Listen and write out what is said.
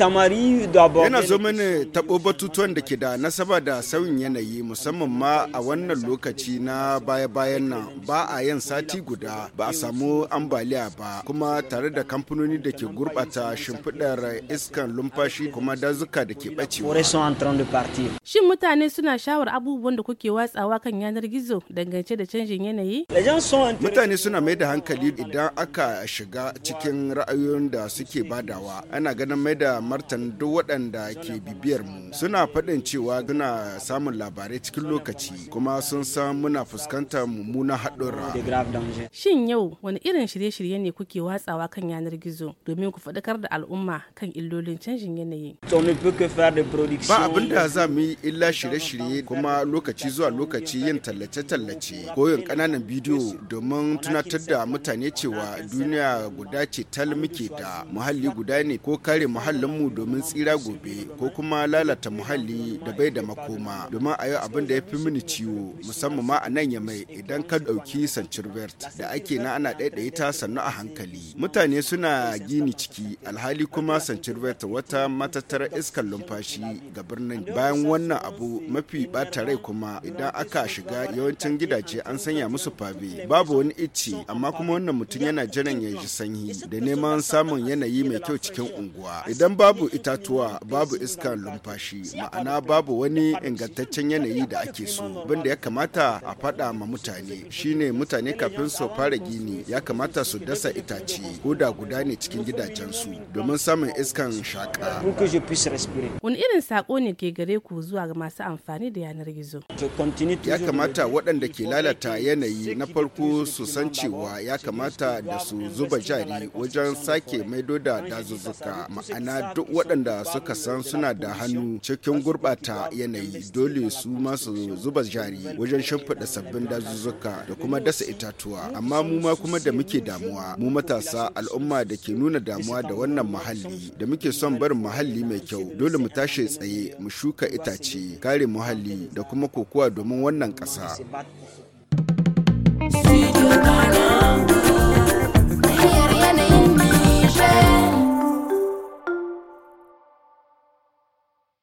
samari da yana zo mana taɓo batutuwan da ke da nasaba da sauyin yanayi musamman ma a wannan lokaci na baya-bayan nan ba a yan sati guda ba a samu ambaliya ba kuma tare da kamfanoni da ke gurɓata shimfiɗar iskan lumfashi kuma dazuka da ke ɓacewa shin mutane suna shawar abubuwan da kuke watsawa kan yanar gizo dangance da canjin yanayi mutane suna mai da hankali idan aka shiga cikin ra'ayoyin da suke badawa ana ganin mai da martan duk waɗanda ke bibiyar mu suna faɗin cewa suna samun labarai cikin lokaci kuma sun san muna fuskantar mummunan haɗura. Shin yau wani irin shirye-shirye ne kuke watsawa kan yanar gizo domin ku faɗakar da al'umma kan illolin canjin yanayi? Ba abin da za mu yi illa shirye-shirye kuma lokaci zuwa lokaci yin tallace-tallace ko yin ƙananan bidiyo domin tunatar da mutane cewa duniya guda ce tal muke da muhalli guda ne ko kare muhallin mu domin tsira gobe ko kuma lalata muhalli da bai da makoma domin a yau abin da ya fi mini ciwo musamman ma a nan ya mai idan ka ɗauki sancirbert da ake na ana ɗaiɗaye ta sannu a hankali mutane suna gini ciki alhali kuma sancirbert wata matattara iskar lumfashi ga birnin bayan wannan abu mafi ɓata rai kuma idan aka shiga yawancin gidaje an sanya musu fabe babu wani icce amma kuma wannan mutum yana jiran ya ji sanyi da neman samun yanayi mai kyau cikin unguwa idan ba babu itatuwa babu iskar numfashi ma'ana babu wani ingantaccen yanayi da ake so banda ya kamata a faɗa ma mutane shine mutane kafin su fara gini ya kamata su dasa itace ko da guda ne cikin gidajensu domin samun iskan shaka. Wani irin sako ne ke gare ku zuwa ga masu amfani da yanar gizo? Ya kamata waɗanda ke lalata yanayi na farko su san cewa ya kamata da su zuba jari wajen sake maido da dazuzzuka ma'ana duk waɗanda suka san suna da hannu cikin gurɓata yanayi dole su masu zuba jari wajen shimfiɗa sabbin dazuzzuka da kuma dasa itatuwa amma mu ma kuma da muke damuwa mu matasa al'umma da ke nuna damuwa da wannan muhalli da muke son barin muhalli mai kyau dole mu tashi tsaye mu shuka itace kare muhalli da kuma kokowa domin wannan ƙasa.